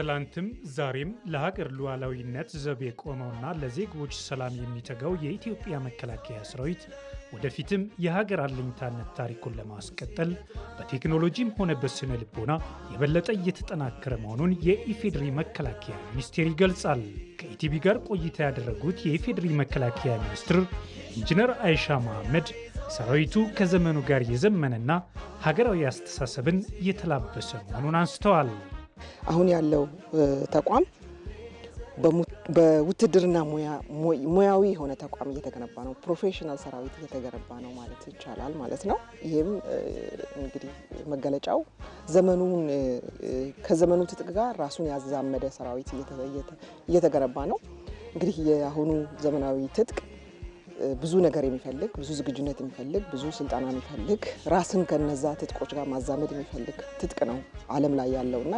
ትላንትም ዛሬም ለሀገር ሉዓላዊነት ዘብ የቆመውና ለዜጎች ሰላም የሚተጋው የኢትዮጵያ መከላከያ ሰራዊት ወደፊትም የሀገር አለኝታነት ታሪኩን ለማስቀጠል በቴክኖሎጂም ሆነ በስነ ልቦና የበለጠ እየተጠናከረ መሆኑን የኢፌዴሪ መከላከያ ሚኒስቴር ይገልጻል። ከኢቲቪ ጋር ቆይታ ያደረጉት የኢፌዴሪ መከላከያ ሚኒስትር ኢንጂነር አይሻ መሐመድ ሰራዊቱ ከዘመኑ ጋር የዘመነና ሀገራዊ አስተሳሰብን የተላበሰ መሆኑን አንስተዋል። አሁን ያለው ተቋም በውትድርና ሙያዊ የሆነ ተቋም እየተገነባ ነው። ፕሮፌሽናል ሰራዊት እየተገነባ ነው ማለት ይቻላል ማለት ነው። ይህም እንግዲህ መገለጫው ዘመኑን ከዘመኑ ትጥቅ ጋር ራሱን ያዛመደ ሰራዊት እየተገነባ ነው። እንግዲህ የአሁኑ ዘመናዊ ትጥቅ ብዙ ነገር የሚፈልግ ብዙ ዝግጁነት የሚፈልግ ብዙ ስልጠና የሚፈልግ ራስን ከነዛ ትጥቆች ጋር ማዛመድ የሚፈልግ ትጥቅ ነው ዓለም ላይ ያለው እና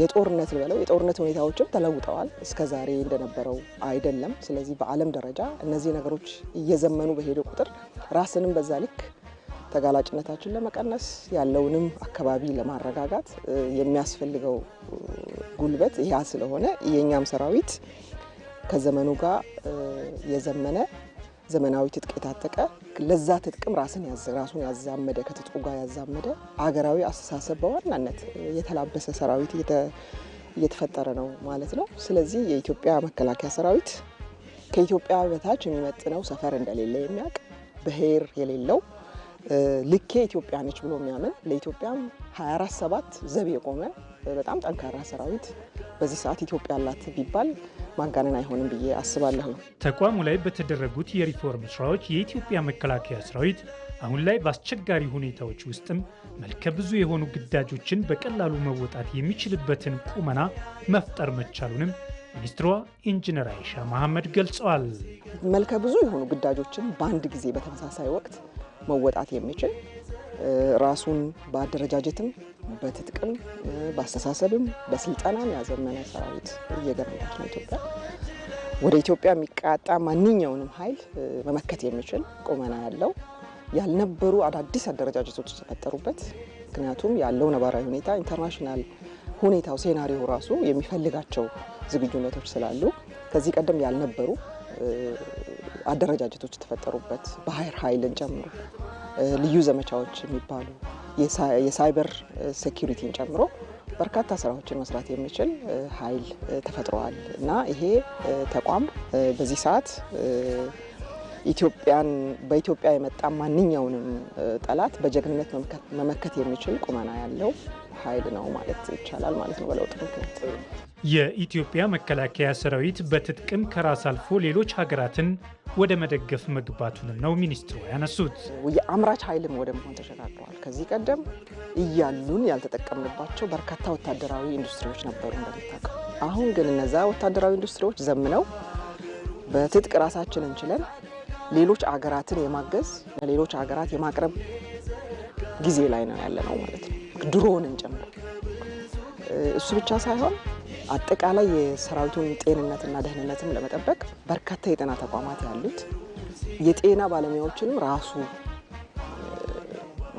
የጦርነት ብለው የጦርነት ሁኔታዎችም ተለውጠዋል። እስከ ዛሬ እንደነበረው አይደለም። ስለዚህ በዓለም ደረጃ እነዚህ ነገሮች እየዘመኑ በሄደ ቁጥር ራስንም በዛ ልክ ተጋላጭነታችን ለመቀነስ ያለውንም አካባቢ ለማረጋጋት የሚያስፈልገው ጉልበት ያ ስለሆነ የእኛም ሰራዊት ከዘመኑ ጋር የዘመነ ዘመናዊ ትጥቅ የታጠቀ ለዛ ትጥቅም ራስን ራሱን ያዛመደ ከትጥቁ ጋር ያዛመደ አገራዊ አስተሳሰብ በዋናነት የተላበሰ ሰራዊት እየተፈጠረ ነው ማለት ነው። ስለዚህ የኢትዮጵያ መከላከያ ሰራዊት ከኢትዮጵያ በታች የሚመጥነው ሰፈር እንደሌለ የሚያውቅ ብሄር የሌለው ልኬ ኢትዮጵያ ነች ብሎ የሚያምን ለኢትዮጵያም 24 ሰባት ዘብ የቆመ በጣም ጠንካራ ሰራዊት በዚህ ሰዓት ኢትዮጵያ አላት ቢባል ማጋነን አይሆንም ብዬ አስባለሁ ነው። ተቋሙ ላይ በተደረጉት የሪፎርም ስራዎች የኢትዮጵያ መከላከያ ሰራዊት አሁን ላይ በአስቸጋሪ ሁኔታዎች ውስጥም መልከ ብዙ የሆኑ ግዳጆችን በቀላሉ መወጣት የሚችልበትን ቁመና መፍጠር መቻሉንም ሚኒስትሯ ኢንጂነር አይሻ መሐመድ ገልጸዋል። መልከ ብዙ የሆኑ ግዳጆችን በአንድ ጊዜ በተመሳሳይ ወቅት መወጣት የሚችል ራሱን በአደረጃጀትም በትጥቅም በአስተሳሰብም በስልጠናም ያዘመነ ሰራዊት እየገነባች ነው ኢትዮጵያ። ወደ ኢትዮጵያ የሚቃጣ ማንኛውንም ኃይል መመከት የሚችል ቁመና ያለው ያልነበሩ አዳዲስ አደረጃጀቶች የተፈጠሩበት ምክንያቱም ያለው ነባራዊ ሁኔታ ኢንተርናሽናል ሁኔታው ሴናሪዮ ራሱ የሚፈልጋቸው ዝግጁነቶች ስላሉ ከዚህ ቀደም ያልነበሩ አደረጃጀቶች የተፈጠሩበት ባህር ኃይልን ጨምሮ ልዩ ዘመቻዎች የሚባሉ የሳይበር ሴኪሪቲን ጨምሮ በርካታ ስራዎችን መስራት የሚችል ኃይል ተፈጥረዋል እና ይሄ ተቋም በዚህ ሰዓት ኢትዮጵያን በኢትዮጵያ የመጣ ማንኛውንም ጠላት በጀግንነት መመከት የሚችል ቁመና ያለው ኃይል ነው ማለት ይቻላል ማለት ነው በለውጥ ምክንያት የኢትዮጵያ መከላከያ ሰራዊት በትጥቅም ከራስ አልፎ ሌሎች ሀገራትን ወደ መደገፍ መግባቱንም ነው ሚኒስትሩ ያነሱት። የአምራች ኃይልም ወደ መሆን ተሸጋግረዋል። ከዚህ ቀደም እያሉን ያልተጠቀምንባቸው በርካታ ወታደራዊ ኢንዱስትሪዎች ነበሩ እንደሚታወቀው። አሁን ግን እነዛ ወታደራዊ ኢንዱስትሪዎች ዘምነው በትጥቅ ራሳችን እንችለን ሌሎች አገራትን የማገዝ ለሌሎች አገራት የማቅረብ ጊዜ ላይ ነው ነው ማለት ነው ድሮንን ጨምሮ እሱ ብቻ ሳይሆን አጠቃላይ የሰራዊቱን ጤንነትና ደህንነትም ለመጠበቅ በርካታ የጤና ተቋማት ያሉት የጤና ባለሙያዎችንም ራሱ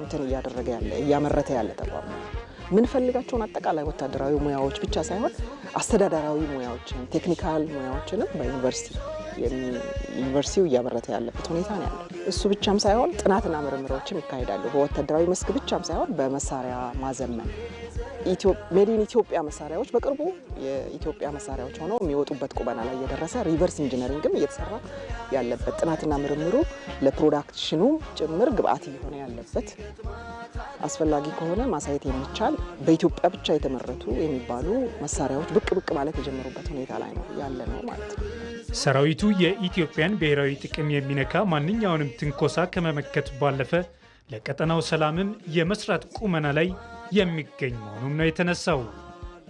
እንትን እያደረገ ያለ እያመረተ ያለ ተቋም ነው። የምንፈልጋቸውን አጠቃላይ ወታደራዊ ሙያዎች ብቻ ሳይሆን አስተዳደራዊ ሙያዎችን፣ ቴክኒካል ሙያዎችንም በዩኒቨርሲቲ ዩኒቨርሲቲው እያመረተ ያለበት ሁኔታ ነው ያለ። እሱ ብቻም ሳይሆን ጥናትና ምርምሮችም ይካሄዳሉ። በወታደራዊ መስክ ብቻም ሳይሆን በመሳሪያ ማዘመን ሜዲን ኢትዮጵያ መሳሪያዎች በቅርቡ የኢትዮጵያ መሳሪያዎች ሆነው የሚወጡበት ቁመና ላይ የደረሰ ሪቨርስ ኢንጂነሪንግም እየተሰራ ያለበት ጥናትና ምርምሩ ለፕሮዳክሽኑ ጭምር ግብአት እየሆነ ያለበት አስፈላጊ ከሆነ ማሳየት የሚቻል በኢትዮጵያ ብቻ የተመረቱ የሚባሉ መሳሪያዎች ብቅ ብቅ ማለት የጀመሩበት ሁኔታ ላይ ነው ያለ ነው ማለት ነው። ሰራዊቱ የኢትዮጵያን ብሔራዊ ጥቅም የሚነካ ማንኛውንም ትንኮሳ ከመመከት ባለፈ ለቀጠናው ሰላምም የመስራት ቁመና ላይ የሚገኝ መሆኑም ነው የተነሳው።